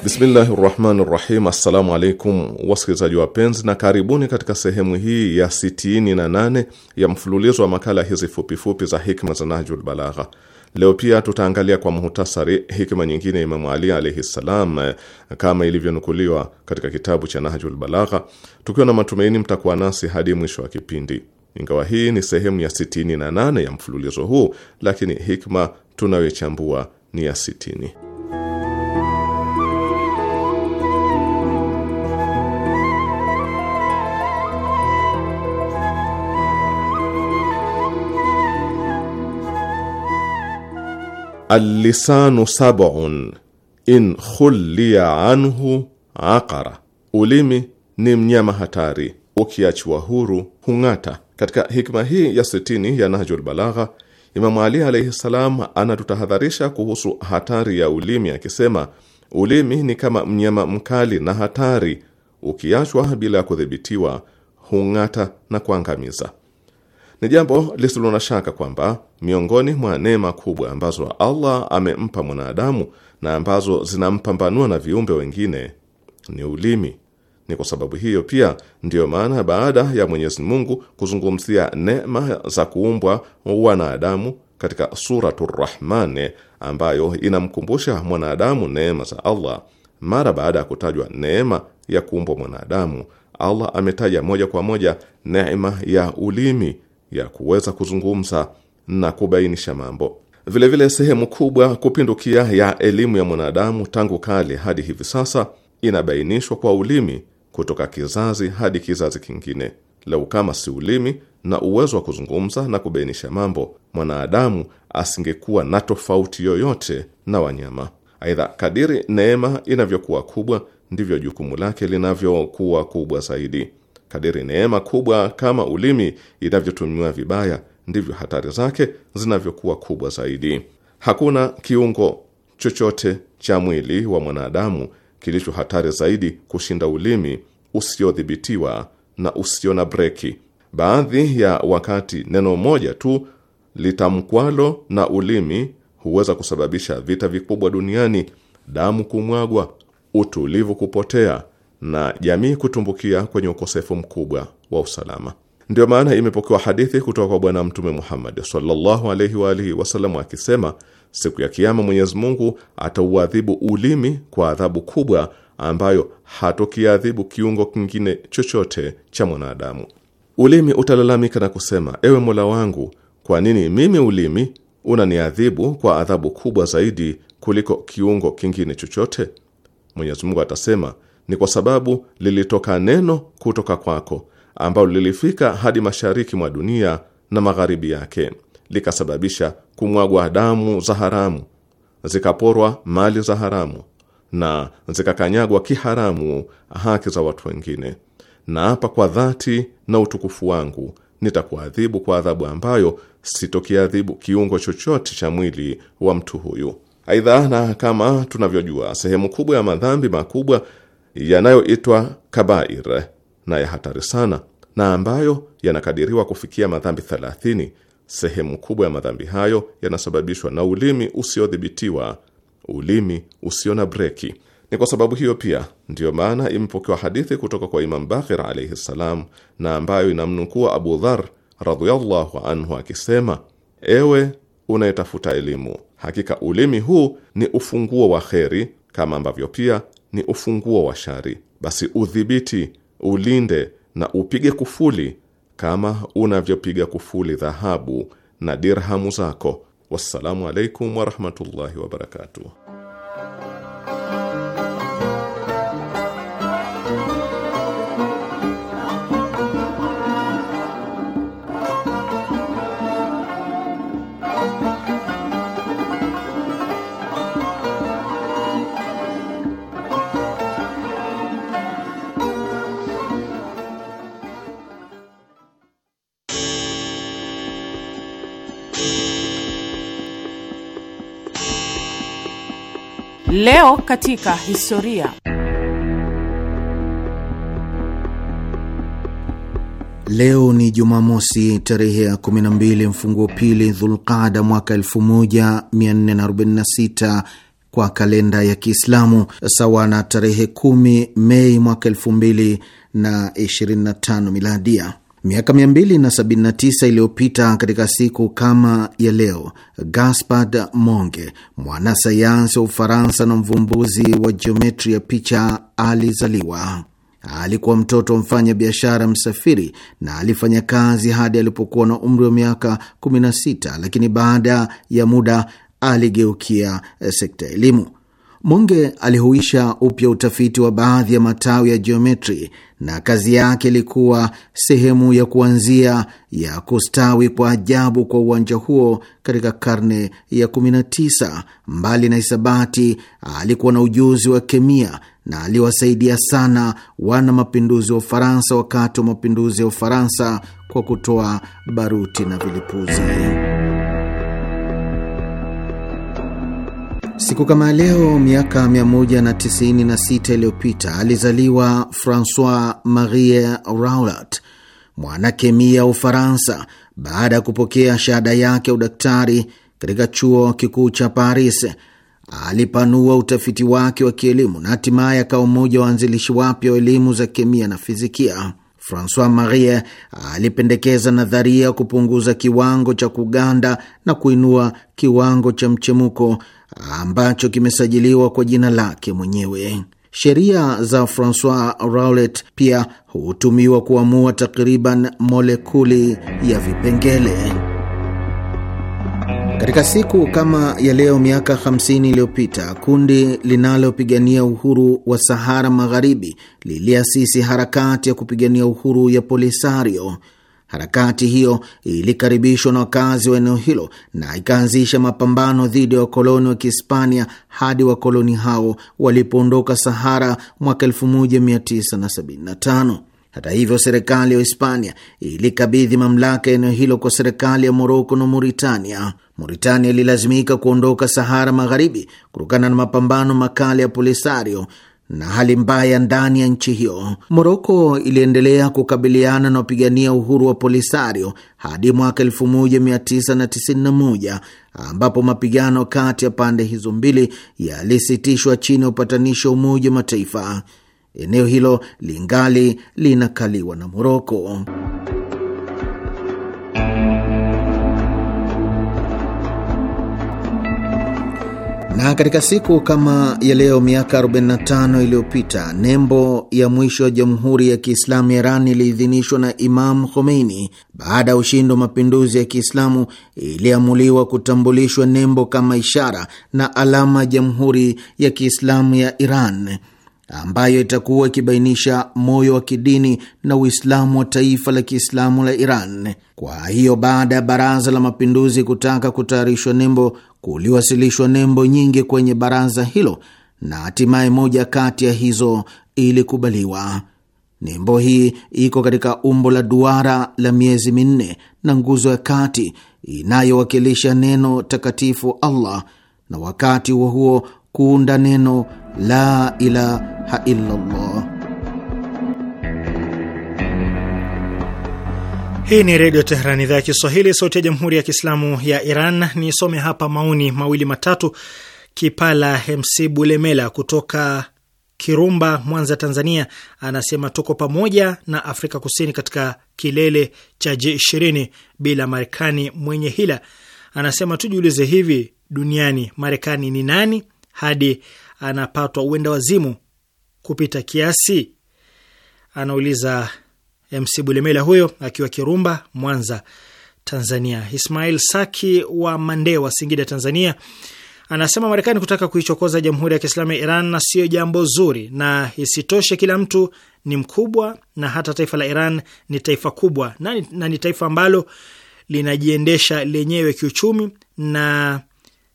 Bismillahi rahmani rahim. Assalamu alaikum wasikilizaji wapenzi, na karibuni katika sehemu hii ya 68 ya mfululizo wa makala hizi fupifupi za hikma za Nahjul Balagha. Leo pia tutaangalia kwa muhtasari hikma nyingine ya Imamu Ali alaihi ssalam, kama ilivyonukuliwa katika kitabu cha Nahjul Balagha, tukiwa na matumaini mtakuwa nasi hadi mwisho wa kipindi. Ingawa hii ni sehemu ya 68 ya mfululizo huu, lakini hikma tunayochambua ni ya 60. Allisanu sab'un in khulliya anhu aqara, ulimi ni mnyama hatari, ukiachiwa huru hung'ata. Katika hikma hii ya sitini ya Nahjul Balagha, Imamu Ali alaihi salam anatutahadharisha kuhusu hatari ya ulimi akisema, ulimi ni kama mnyama mkali na hatari, ukiachwa bila ya kudhibitiwa hung'ata na kuangamiza. Ni jambo lisilo na shaka kwamba miongoni mwa neema kubwa ambazo Allah amempa mwanadamu na ambazo zinampambanua na viumbe wengine ni ulimi. Ni kwa sababu hiyo pia ndiyo maana baada ya Mwenyezi Mungu kuzungumzia neema za kuumbwa wanadamu katika Suratu Rahman ambayo inamkumbusha mwanadamu neema za Allah, mara baada ya kutajwa neema ya kuumbwa mwanadamu, Allah ametaja moja kwa moja neema ya ulimi ya kuweza kuzungumza na kubainisha mambo. Vilevile vile sehemu kubwa kupindukia ya elimu ya mwanadamu tangu kale hadi hivi sasa inabainishwa kwa ulimi kutoka kizazi hadi kizazi kingine. Lau kama si ulimi na uwezo wa kuzungumza na kubainisha mambo, mwanadamu asingekuwa na tofauti yoyote na wanyama. Aidha, kadiri neema inavyokuwa kubwa, ndivyo jukumu lake linavyokuwa kubwa zaidi. Kadiri neema kubwa kama ulimi inavyotumiwa vibaya, ndivyo hatari zake zinavyokuwa kubwa zaidi. Hakuna kiungo chochote cha mwili wa mwanadamu kilicho hatari zaidi kushinda ulimi usiodhibitiwa na usio na breki. Baadhi ya wakati neno moja tu litamkwalo na ulimi huweza kusababisha vita vikubwa duniani, damu kumwagwa, utulivu kupotea na jamii kutumbukia kwenye ukosefu mkubwa wa usalama. Ndiyo maana imepokewa hadithi kutoka kwa Bwana Mtume Muhammad sallallahu alaihi wa alihi wasallam akisema, siku ya kiama Mwenyezi Mungu atauadhibu ulimi kwa adhabu kubwa ambayo hatokiadhibu kiungo kingine chochote cha mwanadamu. Ulimi utalalamika na kusema, ewe Mola wangu, kwa nini mimi ulimi unaniadhibu kwa adhabu kubwa zaidi kuliko kiungo kingine chochote? Mwenyezi Mungu atasema ni kwa sababu lilitoka neno kutoka kwako ambalo lilifika hadi mashariki mwa dunia na magharibi yake, likasababisha kumwagwa damu za haramu, zikaporwa mali za haramu na zikakanyagwa kiharamu haki za watu wengine. Na hapa kwa dhati na utukufu wangu nitakuadhibu kwa adhabu ambayo sitokiadhibu kiungo chochote cha mwili wa mtu huyu. Aidha, na kama tunavyojua, sehemu kubwa ya madhambi makubwa yanayoitwa kabair na ya hatari sana na ambayo yanakadiriwa kufikia madhambi 30. Sehemu kubwa ya madhambi hayo yanasababishwa na ulimi usiodhibitiwa, ulimi usio na breki. Ni kwa sababu hiyo pia ndiyo maana imepokewa hadithi kutoka kwa Imam Bakir alaihi ssalam, na ambayo inamnukua Abu Dhar radhiallahu anhu akisema, ewe unayetafuta elimu, hakika ulimi huu ni ufunguo wa kheri, kama ambavyo pia ni ufunguo wa shari. Basi udhibiti, ulinde na upige kufuli kama unavyopiga kufuli dhahabu na dirhamu zako. Wassalamu alaikum warahmatullahi wabarakatuh. Leo katika historia. Leo ni Jumamosi tarehe ya 12 mfunguo pili Dhulqada mwaka 1446 kwa kalenda ya Kiislamu, sawa na tarehe 10 Mei mwaka 225 miladia. Miaka 279 iliyopita katika siku kama ya leo, Gaspard Monge, mwanasayansi wa Ufaransa na mvumbuzi wa jiometri ya picha, alizaliwa. Alikuwa mtoto wa mfanya biashara msafiri na alifanya kazi hadi alipokuwa na umri wa miaka 16, lakini baada ya muda aligeukia sekta ya elimu. Monge alihuisha upya utafiti wa baadhi ya matawi ya jiometri na kazi yake ilikuwa sehemu ya kuanzia ya kustawi kwa ajabu kwa uwanja huo katika karne ya 19. Mbali na hisabati, alikuwa na ujuzi wa kemia na aliwasaidia sana wana mapinduzi wa Ufaransa wakati wa mapinduzi ya Ufaransa kwa kutoa baruti na vilipuzi. Siku kama leo miaka 196 iliyopita alizaliwa Francois Marie Raoult, mwanakemia wa Ufaransa, baada ya kupokea shahada yake ya udaktari katika chuo kikuu cha Paris. Alipanua utafiti wake wa kielimu na hatimaye akawa mmoja wa waanzilishi wapya wa elimu za kemia na fizikia. Francois Marie alipendekeza nadharia ya kupunguza kiwango cha kuganda na kuinua kiwango cha mchemuko ambacho kimesajiliwa kwa jina lake mwenyewe. Sheria za Francois Rowlet pia hutumiwa kuamua takriban molekuli ya vipengele. Katika siku kama ya leo miaka 50 iliyopita kundi linalopigania uhuru wa Sahara Magharibi liliasisi harakati ya kupigania uhuru ya Polisario Harakati hiyo ilikaribishwa na wakazi wa eneo hilo na ikaanzisha mapambano dhidi ya wakoloni wa Kihispania hadi wakoloni hao walipoondoka Sahara mwaka 1975. Hata hivyo, serikali ya Hispania ilikabidhi mamlaka ya eneo hilo kwa serikali ya Moroko na Mauritania. Mauritania ililazimika kuondoka Sahara Magharibi kutokana na mapambano makali ya Polisario na hali mbaya ndani ya nchi hiyo. Moroko iliendelea kukabiliana na wapigania uhuru wa Polisario hadi mwaka 1991 ambapo mapigano kati ya pande hizo mbili yalisitishwa chini ya upatanisho wa Umoja wa Mataifa. Eneo hilo lingali linakaliwa na Moroko. Na katika siku kama ya leo miaka 45 iliyopita nembo ya mwisho ya Jamhuri ya Kiislamu ya Iran iliidhinishwa na Imam Khomeini. Baada ya ushindi wa mapinduzi ya Kiislamu, iliamuliwa kutambulishwa nembo kama ishara na alama ya Jamhuri ya Kiislamu ya Iran ambayo itakuwa ikibainisha moyo wa kidini na Uislamu wa taifa la Kiislamu la Iran. Kwa hiyo, baada ya Baraza la Mapinduzi kutaka kutayarishwa nembo, kuliwasilishwa nembo nyingi kwenye baraza hilo na hatimaye moja kati ya hizo ilikubaliwa. Nembo hii iko katika umbo la duara la miezi minne na nguzo ya kati inayowakilisha neno takatifu Allah, na wakati huo huo kuunda neno la ilaha illallah. Hii ni Redio Teheran, idhaa ya Kiswahili, sauti ya Jamhuri ya Kiislamu ya Iran. Nisome hapa maoni mawili matatu. Kipala MC Bulemela kutoka Kirumba, Mwanza, Tanzania, anasema tuko pamoja na Afrika Kusini katika kilele cha G20 bila Marekani mwenye hila. Anasema tujiulize, hivi duniani Marekani ni nani? hadi anapatwa uenda wazimu kupita kiasi? Anauliza MC Bulemela huyo akiwa Kirumba, Mwanza, Tanzania. Ismail Saki wa Mandewa, Singida, Tanzania, anasema Marekani kutaka kuichokoza Jamhuri ya Kiislamu ya Iran na siyo jambo zuri, na isitoshe kila mtu ni mkubwa, na hata taifa la Iran ni taifa kubwa na ni taifa ambalo linajiendesha lenyewe kiuchumi na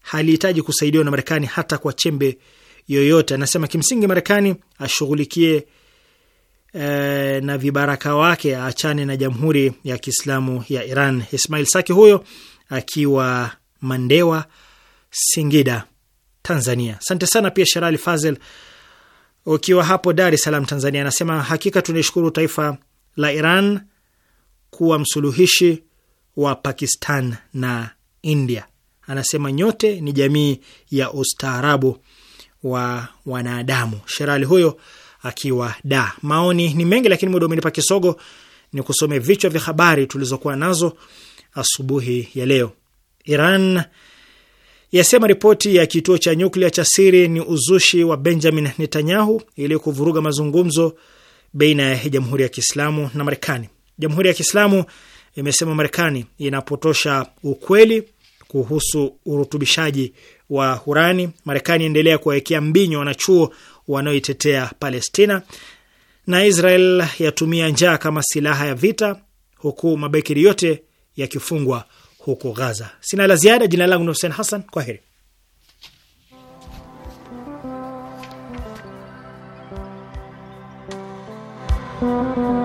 halihitaji kusaidiwa na Marekani hata kwa chembe yoyote. Anasema kimsingi Marekani ashughulikie eh, na vibaraka wake, aachane na Jamhuri ya Kiislamu ya Iran. Ismail Saki huyo akiwa Mandewa, Singida, Tanzania. Asante sana pia Sherali Fazel ukiwa hapo Dar es Salaam, Tanzania, anasema hakika tunashukuru taifa la Iran kuwa msuluhishi wa Pakistan na India anasema nyote ni jamii ya ustaarabu wa wanadamu. Sherali huyo akiwa da. Maoni ni mengi, lakini muda umenipa kisogo ni kusome vichwa vya habari tulizokuwa nazo asubuhi ya leo. Iran yasema ripoti ya kituo cha nyuklia cha siri ni uzushi wa Benjamin Netanyahu ili kuvuruga mazungumzo baina ya jamhuri ya Kiislamu na Marekani. Jamhuri ya Kiislamu imesema Marekani inapotosha ukweli kuhusu urutubishaji wa urani. Marekani endelea kuwawekea mbinyo wanachuo wanaoitetea Palestina, na Israel yatumia njaa kama silaha ya vita, huku mabekiri yote yakifungwa huko Gaza. Sina la ziada. Jina langu ni Hussein Hassan, kwa heri.